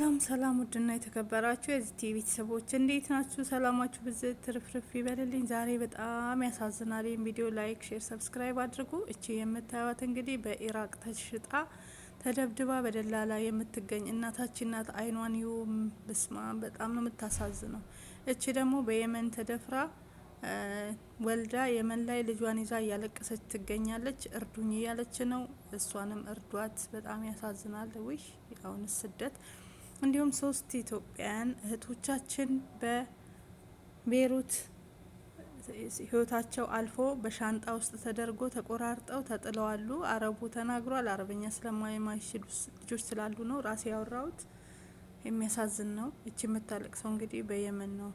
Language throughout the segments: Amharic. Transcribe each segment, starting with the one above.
ሰላም ሰላም፣ ውድና የተከበራችሁ የዚህ ቲቪ ቤተሰቦች እንዴት ናችሁ? ሰላማችሁ ብዝት ትርፍርፍ ይበልልኝ። ዛሬ በጣም ያሳዝናል። ይህም ቪዲዮ ላይክ፣ ሼር፣ ሰብስክራይብ አድርጉ። እቺ የምታዩት እንግዲህ በኢራቅ ተሽጣ ተደብድባ በደላላ የምትገኝ እናታችን ናት። አይኗን ዩ ብስማ በጣም ነው የምታሳዝነው። እቺ ደግሞ በየመን ተደፍራ ወልዳ የመን ላይ ልጇን ይዛ እያለቀሰች ትገኛለች። እርዱኝ እያለች ነው። እሷንም እርዷት። በጣም ያሳዝናል። ውሽ አሁንስ ስደት እንዲሁም ሶስት ኢትዮጵያውያን እህቶቻችን በቤሩት ህይወታቸው አልፎ በሻንጣ ውስጥ ተደርጎ ተቆራርጠው ተጥለዋሉ። አረቡ ተናግሯል። አረበኛ ስለማይማይችሉ ልጆች ስላሉ ነው ራሴ ያወራሁት። የሚያሳዝን ነው። እቺ ሰው እንግዲህ በየመን ነው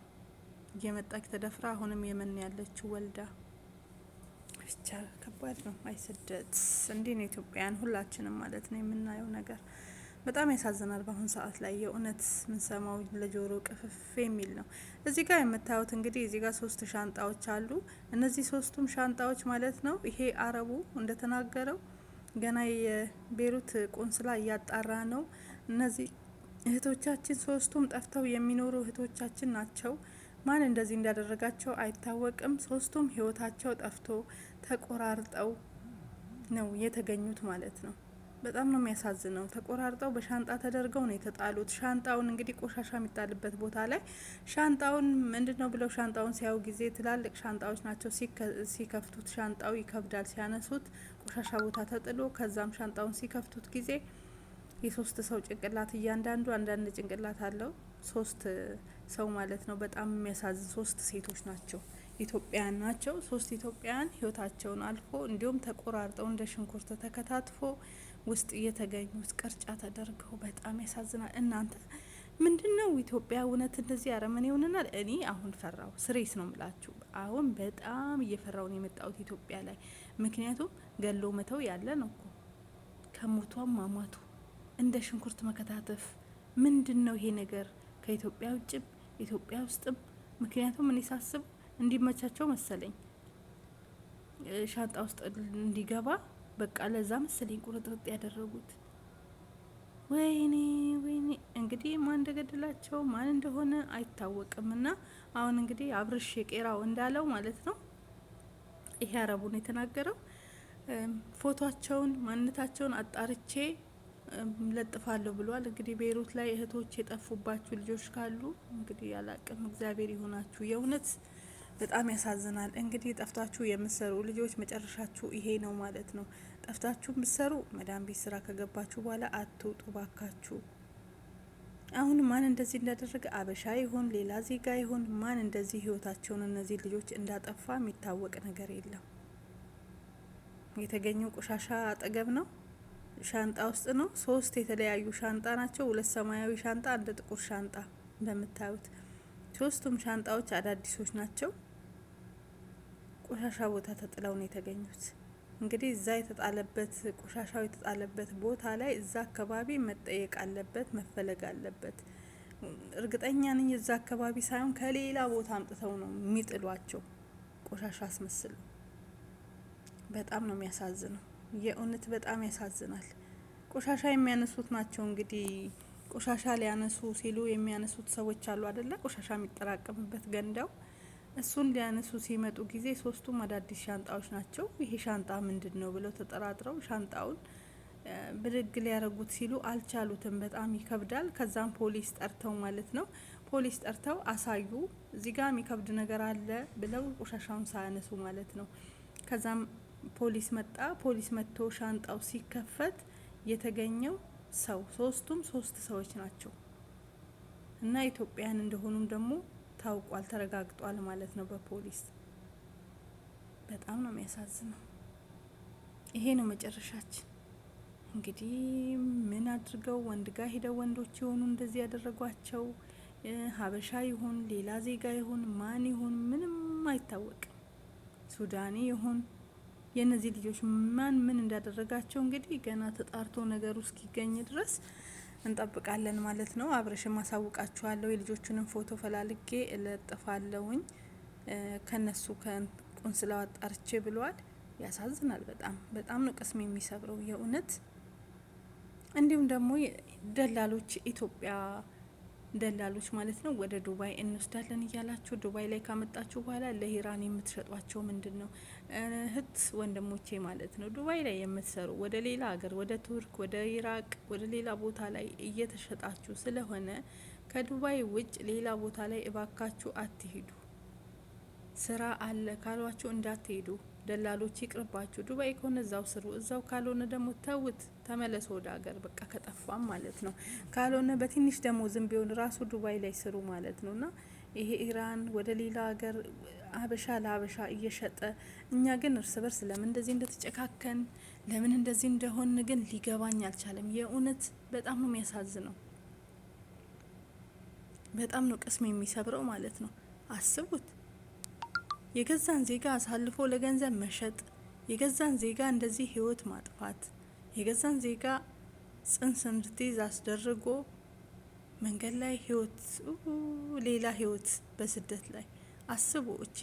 እየመጣች ተደፍራ፣ አሁንም የመን ያለችው ወልዳ። ብቻ ከባድ ነው። አይስደት እንዲህ ነው። ኢትዮጵያውያን ሁላችንም ማለት ነው የምናየው ነገር በጣም ያሳዝናል። በአሁን ሰዓት ላይ የእውነት ምንሰማው ለጆሮ ቅፍፍ የሚል ነው። እዚህ ጋር የምታዩት እንግዲህ እዚህ ጋር ሶስት ሻንጣዎች አሉ። እነዚህ ሶስቱም ሻንጣዎች ማለት ነው ይሄ አረቡ እንደተናገረው ገና የቤሩት ቆንስላ እያጣራ ነው። እነዚህ እህቶቻችን ሶስቱም ጠፍተው የሚኖሩ እህቶቻችን ናቸው። ማን እንደዚህ እንዳደረጋቸው አይታወቅም። ሶስቱም ህይወታቸው ጠፍቶ ተቆራርጠው ነው የተገኙት ማለት ነው። በጣም ነው የሚያሳዝነው። ተቆራርጠው በሻንጣ ተደርገው ነው የተጣሉት። ሻንጣውን እንግዲህ ቆሻሻ የሚጣልበት ቦታ ላይ ሻንጣውን ምንድን ነው ብለው ሻንጣውን ሲያዩ ጊዜ ትላልቅ ሻንጣዎች ናቸው። ሲከፍቱት ሻንጣው ይከብዳል። ሲያነሱት ቆሻሻ ቦታ ተጥሎ ከዛም ሻንጣውን ሲከፍቱት ጊዜ የሶስት ሰው ጭንቅላት እያንዳንዱ አንዳንድ ጭንቅላት አለው። ሶስት ሰው ማለት ነው። በጣም የሚያሳዝን ሶስት ሴቶች ናቸው ኢትዮጵያን ናቸው። ሶስት ኢትዮጵያን ህይወታቸውን አልፎ እንዲሁም ተቆራርጠው እንደ ሽንኩርት ተከታትፎ ውስጥ የተገኙት ቅርጫ ተደርገው በጣም ያሳዝናል። እናንተ ምንድን ነው ኢትዮጵያ እውነት እንደዚህ አረመኔ ይሆንናል? እኔ አሁን ፈራው ስሬስ ነው ምላችሁ። አሁን በጣም እየፈራው ነው የመጣሁት ኢትዮጵያ ላይ። ምክንያቱም ገሎ መተው ያለ ነው እኮ ከሞቷም ማሟቱ እንደ ሽንኩርት መከታተፍ ምንድን ነው ይሄ ነገር ከኢትዮጵያ ውጭም ኢትዮጵያ ውስጥም። ምክንያቱም እኔ ሳስብ እንዲመቻቸው መሰለኝ ሻንጣ ውስጥ እንዲገባ በቃ ለዛ መሰለኝ ቁርጥርጥ ያደረጉት። ወይኔ ወይኔ እንግዲህ ማን እንደገደላቸው ማን እንደሆነ አይታወቅም። ና አሁን እንግዲህ አብርሽ የቄራው እንዳለው ማለት ነው ይሄ አረቡን የተናገረው። ፎቶቸውን ማንነታቸውን አጣርቼ ለጥፋለሁ ብሏል። እንግዲህ ቤይሩት ላይ እህቶች የጠፉባችሁ ልጆች ካሉ እንግዲህ ያላቅም እግዚአብሔር ይሆናችሁ የእውነት በጣም ያሳዝናል። እንግዲህ ጠፍታችሁ የምትሰሩ ልጆች መጨረሻችሁ ይሄ ነው ማለት ነው። ጠፍታችሁ የምትሰሩ መዳም ቤት ስራ ከገባችሁ በኋላ አትውጡ ባካችሁ። አሁን ማን እንደዚህ እንዳደረገ አበሻ ይሆን ሌላ ዜጋ ይሆን ማን እንደዚህ ህይወታቸውን እነዚህ ልጆች እንዳጠፋ የሚታወቅ ነገር የለም። የተገኘው ቆሻሻ አጠገብ ነው፣ ሻንጣ ውስጥ ነው። ሶስት የተለያዩ ሻንጣ ናቸው። ሁለት ሰማያዊ ሻንጣ፣ አንድ ጥቁር ሻንጣ እንደምታዩት ሶስቱም ሻንጣዎች አዳዲሶች ናቸው። ቆሻሻ ቦታ ተጥለው ነው የተገኙት። እንግዲህ እዛ የተጣለበት ቆሻሻው የተጣለበት ቦታ ላይ እዛ አካባቢ መጠየቅ አለበት፣ መፈለግ አለበት። እርግጠኛ ነኝ እዛ አካባቢ ሳይሆን ከሌላ ቦታ አምጥተው ነው የሚጥሏቸው ቆሻሻ አስመስለው። በጣም ነው የሚያሳዝነው። የእውነት በጣም ያሳዝናል። ቆሻሻ የሚያነሱት ናቸው እንግዲህ ቆሻሻ ሊያነሱ ሲሉ የሚያነሱት ሰዎች አሉ አደለ? ቆሻሻ የሚጠራቀምበት ገንዳው እሱን ሊያነሱ ሲመጡ ጊዜ ሶስቱም አዳዲስ ሻንጣዎች ናቸው። ይሄ ሻንጣ ምንድን ነው ብለው ተጠራጥረው ሻንጣውን ብድግ ሊያደርጉት ሲሉ አልቻሉትም። በጣም ይከብዳል። ከዛም ፖሊስ ጠርተው ማለት ነው ፖሊስ ጠርተው አሳዩ፣ እዚህ ጋ የሚከብድ ነገር አለ ብለው ቆሻሻውን ሳያነሱ ማለት ነው። ከዛም ፖሊስ መጣ። ፖሊስ መጥቶ ሻንጣው ሲከፈት የተገኘው ሰው ሶስቱም ሶስት ሰዎች ናቸው እና ኢትዮጵያን እንደሆኑም ደግሞ ታውቋል፣ ተረጋግጧል ማለት ነው በፖሊስ። በጣም ነው የሚያሳዝነው። ይሄ ነው መጨረሻችን። እንግዲህ ምን አድርገው ወንድ ጋር ሄደው ወንዶች የሆኑ እንደዚህ ያደረጓቸው ሀበሻ ይሁን ሌላ ዜጋ ይሁን ማን ይሁን ምንም አይታወቅም። ሱዳኒ ይሁን የእነዚህ ልጆች ማን ምን እንዳደረጋቸው እንግዲህ ገና ተጣርቶ ነገሩ እስኪገኝ ድረስ እንጠብቃለን ማለት ነው። አብረሽም አሳውቃችኋለሁ። የልጆቹንም ፎቶ ፈላልጌ እለጥፋለውኝ ከነሱ ከቁንስላው አጣርቼ ብለዋል። ያሳዝናል። በጣም በጣም ነው ቅስም የሚሰብረው የእውነት እንዲሁም ደግሞ ደላሎች ኢትዮጵያ ደላሎች ማለት ነው ወደ ዱባይ እንወስዳለን እያላችሁ ዱባይ ላይ ካመጣችሁ በኋላ ለኢራን የምትሸጧቸው ምንድን ነው? እህት ወንድሞቼ ማለት ነው ዱባይ ላይ የምትሰሩ ወደ ሌላ ሀገር ወደ ቱርክ፣ ወደ ኢራቅ፣ ወደ ሌላ ቦታ ላይ እየተሸጣችሁ ስለሆነ ከዱባይ ውጭ ሌላ ቦታ ላይ እባካችሁ አትሄዱ። ስራ አለ ካሏችሁ እንዳትሄዱ። ደላሎች ይቅርባችሁ። ዱባይ ከሆነ እዛው ስሩ፣ እዛው ካልሆነ ደግሞ ተውት፣ ተመለሰ ወደ ሀገር በቃ ከጠፋም ማለት ነው። ካልሆነ በትንሽ ዝም ቢሆን ራሱ ዱባይ ላይ ስሩ ማለት ነው እና ይሄ ኢራን ወደ ሌላ ሀገር ሀበሻ ለሀበሻ እየሸጠ እኛ ግን እርስ በርስ ለምን እንደዚህ እንደተጨካከን ለምን እንደዚህ እንደሆን ግን ሊገባኝ አልቻለም። የእውነት በጣም ነው የሚያሳዝነው። በጣም ነው ቅስም የሚሰብረው ማለት ነው። አስቡት። የገዛን ዜጋ አሳልፎ ለገንዘብ መሸጥ፣ የገዛን ዜጋ እንደዚህ ህይወት ማጥፋት፣ የገዛን ዜጋ ጽንስ እንድትይዝ አስደርጎ መንገድ ላይ ህይወት ሌላ ህይወት በስደት ላይ አስቡ። እቺ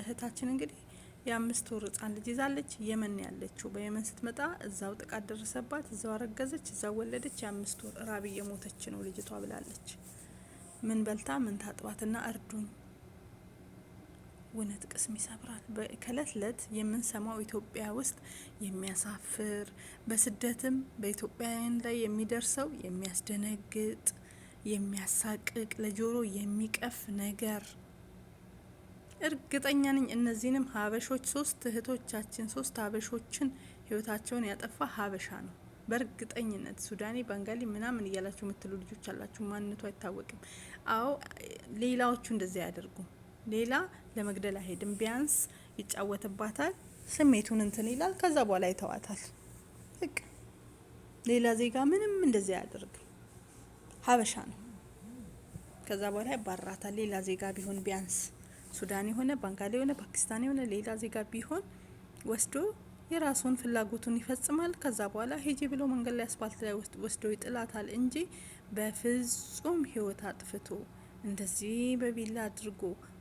እህታችን እንግዲህ የአምስት ወር ህጻን ልጅ ይዛለች። የመን ያለችው በየመን ስትመጣ እዛው ጥቃት ደረሰባት። እዛው አረገዘች፣ እዛው ወለደች። የአምስት ወር ራብ እየሞተች ነው ልጅቷ ብላለች። ምን በልታ ምን ታጥባትና እርዱኝ እውነት ቅስም ይሰብራል። ከእለት እለት የምንሰማው ኢትዮጵያ ውስጥ የሚያሳፍር በስደትም በኢትዮጵያውያን ላይ የሚደርሰው የሚያስደነግጥ፣ የሚያሳቅቅ፣ ለጆሮ የሚቀፍ ነገር እርግጠኛ ነኝ እነዚህንም ሀበሾች ሶስት እህቶቻችን ሶስት ሀበሾችን ህይወታቸውን ያጠፋ ሀበሻ ነው። በእርግጠኝነት ሱዳኔ፣ ባንጋሊ ምናምን እያላችሁ የምትሉ ልጆች አላችሁ፣ ማንነቱ አይታወቅም። አዎ ሌላዎቹ እንደዚያ አያደርጉም። ሌላ ለመግደል አይሄድም። ቢያንስ ይጫወትባታል፣ ስሜቱን እንትን ይላል። ከዛ በኋላ ይተዋታል። ህቅ ሌላ ዜጋ ምንም እንደዚያ ያደርግ ሀበሻ ነው። ከዛ በኋላ ይባራታል። ሌላ ዜጋ ቢሆን ቢያንስ ሱዳን የሆነ ባንጋሊ የሆነ ፓኪስታን የሆነ ሌላ ዜጋ ቢሆን ወስዶ የራሱን ፍላጎቱን ይፈጽማል። ከዛ በኋላ ሄጂ ብሎ መንገድ ላይ አስፋልት ላይ ወስዶ ይጥላታል እንጂ በፍጹም ህይወት አጥፍቶ እንደዚህ በቢላ አድርጎ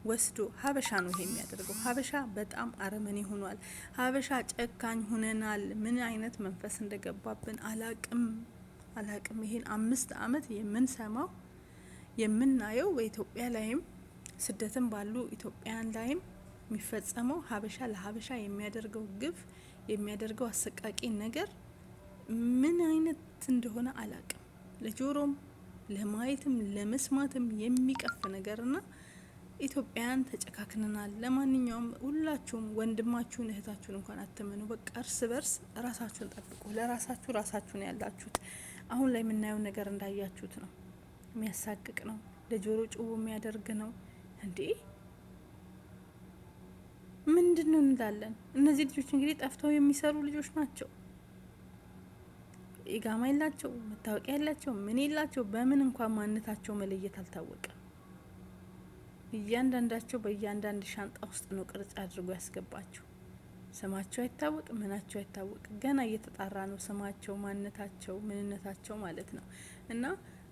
ወስዶ ሀበሻ ነው ይሄ የሚያደርገው። ሀበሻ በጣም አረመኔ ሆኗል። ሀበሻ ጨካኝ ሆነናል። ምን አይነት መንፈስ እንደገባብን አላቅም አላቅም። ይሄን አምስት አመት የምንሰማው የምናየው በኢትዮጵያ ላይም ስደትም ባሉ ኢትዮጵያውያን ላይም የሚፈጸመው ሀበሻ ለሀበሻ የሚያደርገው ግፍ የሚያደርገው አሰቃቂ ነገር ምን አይነት እንደሆነ አላቅም ለጆሮም ለማየትም ለመስማትም የሚቀፍ ነገርና ኢትዮጵያን ተጨካክነናል። ለማንኛውም ሁላችሁም ወንድማችሁን እህታችሁን እንኳን አትመኑ። በቃ እርስ በርስ ራሳችሁን ጠብቁ። ለራሳችሁ ራሳችሁን ያላችሁት አሁን ላይ የምናየው ነገር እንዳያችሁት ነው። የሚያሳቅቅ ነው፣ ለጆሮ ጭቦ የሚያደርግ ነው። እንዴ ምንድን ነው እንላለን። እነዚህ ልጆች እንግዲህ ጠፍተው የሚሰሩ ልጆች ናቸው። ኢጋማ የላቸው፣ መታወቂያ የላቸው፣ ምን የላቸው። በምን እንኳን ማንነታቸው መለየት አልታወቀም። እያንዳንዳቸው በእያንዳንድ ሻንጣ ውስጥ ነው ቅርጽ አድርጎ ያስገባቸው። ስማቸው አይታወቅ፣ ምናቸው አይታወቅ። ገና እየተጣራ ነው ስማቸው፣ ማንነታቸው፣ ምንነታቸው ማለት ነው። እና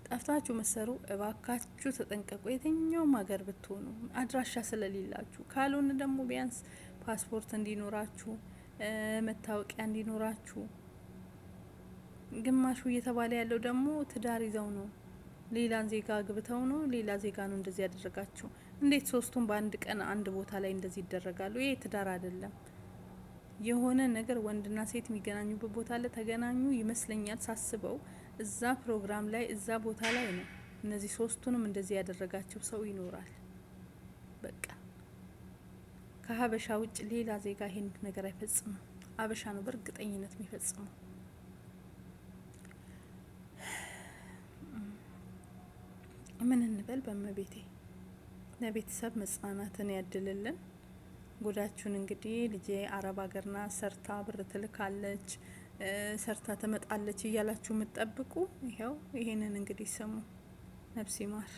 ጠፍታችሁ መሰሩ እባካችሁ ተጠንቀቁ። የትኛውም ሀገር ብትሆኑ አድራሻ ስለሌላችሁ፣ ካልሆነ ደግሞ ቢያንስ ፓስፖርት እንዲኖራችሁ፣ መታወቂያ እንዲኖራችሁ ግማሹ እየተባለ ያለው ደግሞ ትዳር ይዘው ነው፣ ሌላን ዜጋ ግብተው ነው፣ ሌላ ዜጋ ነው እንደዚህ ያደረጋቸው። እንዴት ሶስቱም በአንድ ቀን አንድ ቦታ ላይ እንደዚህ ይደረጋሉ? ይሄ ትዳር አይደለም። የሆነ ነገር ወንድና ሴት የሚገናኙበት ቦታ ላይ ተገናኙ ይመስለኛል ሳስበው፣ እዛ ፕሮግራም ላይ እዛ ቦታ ላይ ነው እነዚህ ሶስቱንም እንደዚህ ያደረጋቸው ሰው ይኖራል። በቃ ከሀበሻ ውጭ ሌላ ዜጋ ይሄን ነገር አይፈጽምም። አበሻ ነው በእርግጠኝነት የሚፈጽመው። ምን እንበል በመቤቴ ለቤተሰብ መጽናናትን ያድልልን። ጉዳችሁን እንግዲህ ልጄ አረብ ሀገርና ሰርታ ብር ትልካለች ሰርታ ትመጣለች እያላችሁ የምትጠብቁ ይኸው ይሄንን እንግዲህ ስሙ። ነፍስ ይማር።